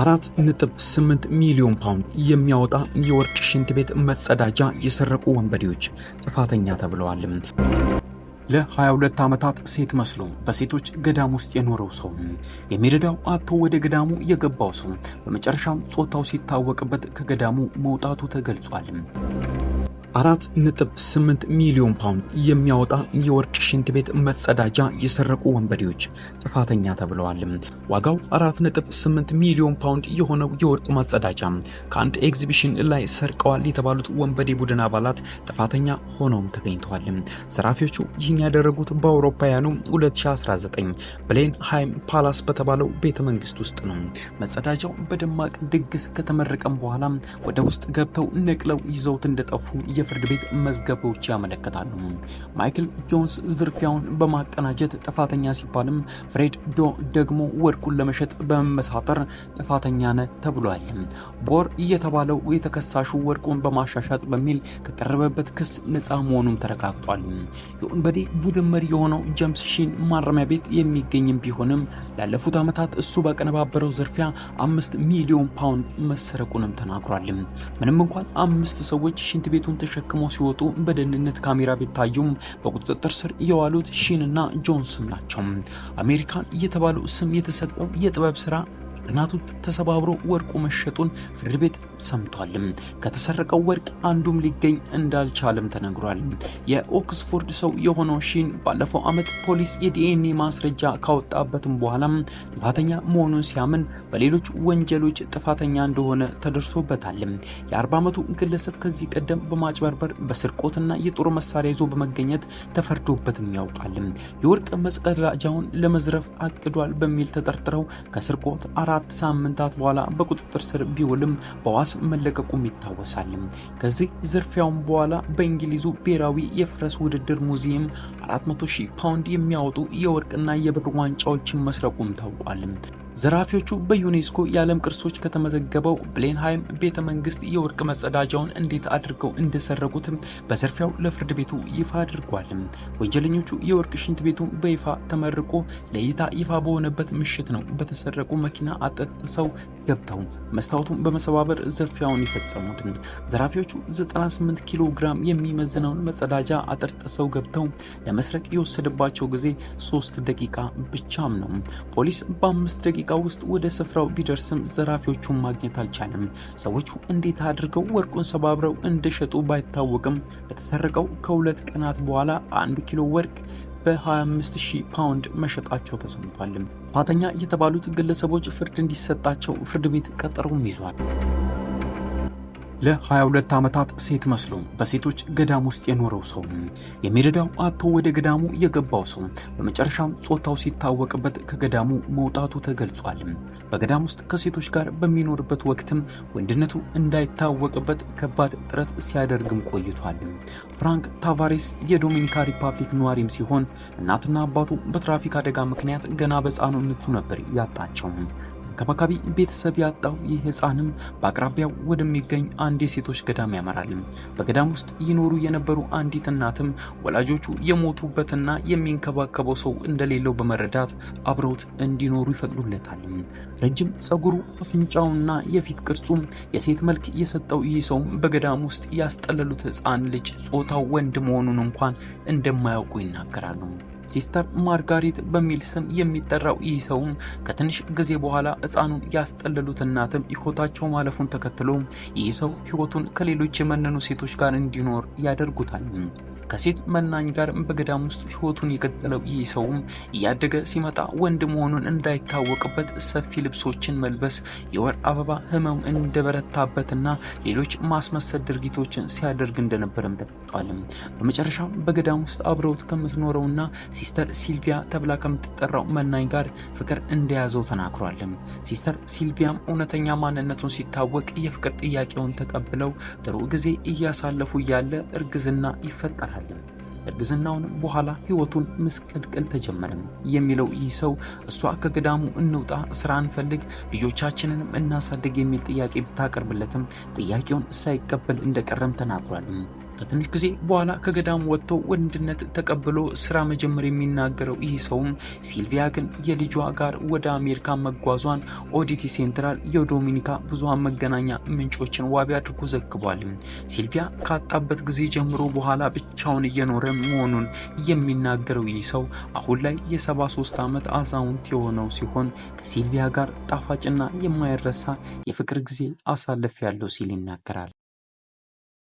4.8 ሚሊዮን ፓውንድ የሚያወጣ የወርቅ ሽንት ቤት መጸዳጃ የሰረቁ ወንበዴዎች ጥፋተኛ ተብለዋል። ለ22 ዓመታት ሴት መስሎ በሴቶች ገዳም ውስጥ የኖረው ሰው የሚረዳው አቶ ወደ ገዳሙ የገባው ሰው በመጨረሻም ጾታው ሲታወቅበት ከገዳሙ መውጣቱ ተገልጿል። አራት ነጥብ ስምንት ሚሊዮን ፓውንድ የሚያወጣ የወርቅ ሽንት ቤት መጸዳጃ የሰረቁ ወንበዴዎች ጥፋተኛ ተብለዋል። ዋጋው አራት ነጥብ ስምንት ሚሊዮን ፓውንድ የሆነው የወርቅ መጸዳጃ ከአንድ ኤግዚቢሽን ላይ ሰርቀዋል የተባሉት ወንበዴ ቡድን አባላት ጥፋተኛ ሆነውም ተገኝተዋል። ዘራፊዎቹ ይህን ያደረጉት በአውሮፓውያኑ 2019 ብሌን ሃይም ፓላስ በተባለው ቤተ መንግስት ውስጥ ነው። መጸዳጃው በደማቅ ድግስ ከተመረቀም በኋላ ወደ ውስጥ ገብተው ነቅለው ይዘውት እንደጠፉ የፍርድ ቤት መዝገቦች ያመለክታሉ። ማይክል ጆንስ ዝርፊያውን በማቀናጀት ጥፋተኛ ሲባልም ፍሬድ ዶ ደግሞ ወርቁን ለመሸጥ በመመሳጠር ጥፋተኛ ነ ተብሏል። ቦር የተባለው የተከሳሹ ወርቁን በማሻሻጥ በሚል ከቀረበበት ክስ ነፃ መሆኑም ተረጋግጧል። የኦንበዴ ቡድን መሪ የሆነው ጀምስ ሺን ማረሚያ ቤት የሚገኝም ቢሆንም ላለፉት ዓመታት እሱ ባቀነባበረው ዝርፊያ አምስት ሚሊዮን ፓውንድ መሰረቁንም ተናግሯል። ምንም እንኳን አምስት ሰዎች ሽንት ቤቱን ተሸክመው ሲወጡ በደህንነት ካሜራ ቢታዩም በቁጥጥር ስር የዋሉት ሺንና ጆንስም ናቸው። አሜሪካን እየተባሉ ስም የተሰጠው የጥበብ ስራ ቅናት ውስጥ ተሰባብሮ ወርቁ መሸጡን ፍርድ ቤት ሰምቷልም። ከተሰረቀው ወርቅ አንዱም ሊገኝ እንዳልቻለም ተነግሯል። የኦክስፎርድ ሰው የሆነው ሺን ባለፈው ዓመት ፖሊስ የዲኤንኤ ማስረጃ ካወጣበትም በኋላም ጥፋተኛ መሆኑን ሲያምን በሌሎች ወንጀሎች ጥፋተኛ እንደሆነ ተደርሶበታል። የ40 ዓመቱ ግለሰብ ከዚህ ቀደም በማጭበርበር በስርቆትና የጦር መሳሪያ ይዞ በመገኘት ተፈርዶበትም ያውቃል። የወርቅ መስቀዳጃውን ለመዝረፍ አቅዷል በሚል ተጠርጥረው ከስርቆት አራ ከአራት ሳምንታት በኋላ በቁጥጥር ስር ቢውልም በዋስ መለቀቁም ይታወሳል። ከዚህ ዝርፊያውም በኋላ በእንግሊዙ ብሔራዊ የፈረስ ውድድር ሙዚየም 400 ሺህ ፓውንድ የሚያወጡ የወርቅና የብር ዋንጫዎችን መስረቁም ታውቋል። ዘራፊዎቹ በዩኔስኮ የዓለም ቅርሶች ከተመዘገበው ብሌንሃይም ቤተ መንግስት የወርቅ መጸዳጃውን እንዴት አድርገው እንደሰረቁት በዘርፊያው ለፍርድ ቤቱ ይፋ አድርጓል። ወንጀለኞቹ የወርቅ ሽንት ቤቱ በይፋ ተመርቆ ለእይታ ይፋ በሆነበት ምሽት ነው በተሰረቁ መኪና አጠጥሰው ገብተው መስታወቱን በመሰባበር ዝርፊያውን የፈጸሙት ዘራፊዎቹ 98 ኪሎ ግራም የሚመዝነውን መጸዳጃ አጥር ጥሰው ገብተው ለመስረቅ የወሰደባቸው ጊዜ 3 ደቂቃ ብቻም ነው። ፖሊስ በአምስት ደቂቃ ውስጥ ወደ ስፍራው ቢደርስም ዘራፊዎቹን ማግኘት አልቻለም። ሰዎቹ እንዴት አድርገው ወርቁን ሰባብረው እንደሸጡ ባይታወቅም በተሰረቀው ከሁለት ቀናት በኋላ አንዱ ኪሎ ወርቅ በ25000 ፓውንድ መሸጣቸው ተሰምቷልም። ጥፋተኛ የተባሉት ግለሰቦች ፍርድ እንዲሰጣቸው ፍርድ ቤት ቀጠሮም ይዟል። ለ22 ዓመታት ሴት መስሎ በሴቶች ገዳም ውስጥ የኖረው ሰው የሚረዳው አጥቶ ወደ ገዳሙ የገባው ሰው በመጨረሻም ጾታው ሲታወቅበት ከገዳሙ መውጣቱ ተገልጿል። በገዳም ውስጥ ከሴቶች ጋር በሚኖርበት ወቅትም ወንድነቱ እንዳይታወቅበት ከባድ ጥረት ሲያደርግም ቆይቷል። ፍራንክ ታቫሬስ የዶሚኒካ ሪፐብሊክ ነዋሪም ሲሆን እናትና አባቱ በትራፊክ አደጋ ምክንያት ገና በሕፃንነቱ ነበር ያጣቸው። ተንከባካቢ ቤተሰብ ያጣው ይህ ህፃንም በአቅራቢያው ወደሚገኝ አንድ የሴቶች ገዳም ያመራል። በገዳም ውስጥ ይኖሩ የነበሩ አንዲት እናትም ወላጆቹ የሞቱበትና የሚንከባከበው ሰው እንደሌለው በመረዳት አብረውት እንዲኖሩ ይፈቅዱለታል። ረጅም ጸጉሩ፣ አፍንጫውና የፊት ቅርጹም የሴት መልክ የሰጠው ይህ ሰው በገዳም ውስጥ ያስጠለሉት ህፃን ልጅ ጾታው ወንድ መሆኑን እንኳን እንደማያውቁ ይናገራሉ። ሲስተር ማርጋሪት በሚል ስም የሚጠራው ይህ ሰውም ከትንሽ ጊዜ በኋላ ህፃኑን ያስጠለሉት እናትም ሕይወታቸው ማለፉን ተከትሎ ይህ ሰው ህይወቱን ከሌሎች የመነኑ ሴቶች ጋር እንዲኖር ያደርጉታል። ከሴት መናኝ ጋር በገዳም ውስጥ ህይወቱን የቀጠለው ይህ ሰውም እያደገ ሲመጣ ወንድ መሆኑን እንዳይታወቅበት ሰፊ ልብሶችን መልበስ፣ የወር አበባ ህመም እንደበረታበትና ሌሎች ማስመሰል ድርጊቶችን ሲያደርግ እንደነበረም ተገልጿል። በመጨረሻም በገዳም ውስጥ አብረውት ከምትኖረውና ሲስተር ሲልቪያ ተብላ ከምትጠራው መናኝ ጋር ፍቅር እንደያዘው ተናግሯልም። ሲስተር ሲልቪያም እውነተኛ ማንነቱን ሲታወቅ የፍቅር ጥያቄውን ተቀብለው ጥሩ ጊዜ እያሳለፉ ያለ እርግዝና ይፈጠራልም። እርግዝናውን በኋላ ህይወቱን ምስቅልቅል ተጀመረም የሚለው ይህ ሰው እሷ ከገዳሙ እንውጣ፣ ስራ እንፈልግ፣ ልጆቻችንንም እናሳድግ የሚል ጥያቄ ብታቀርብለትም ጥያቄውን ሳይቀበል እንደቀረም ተናግሯልም። ከትንሽ ጊዜ በኋላ ከገዳም ወጥቶ ወንድነት ተቀብሎ ስራ መጀመር የሚናገረው ይህ ሰውም ሲልቪያ ግን የልጇ ጋር ወደ አሜሪካ መጓዟን ኦዲቲ ሴንትራል የዶሚኒካ ብዙሃን መገናኛ ምንጮችን ዋቢ አድርጎ ዘግቧል። ሲልቪያ ካጣበት ጊዜ ጀምሮ በኋላ ብቻውን እየኖረ መሆኑን የሚናገረው ይህ ሰው አሁን ላይ የ73 ዓመት አዛውንት የሆነው ሲሆን ከሲልቪያ ጋር ጣፋጭና የማይረሳ የፍቅር ጊዜ አሳልፍ ያለው ሲል ይናገራል።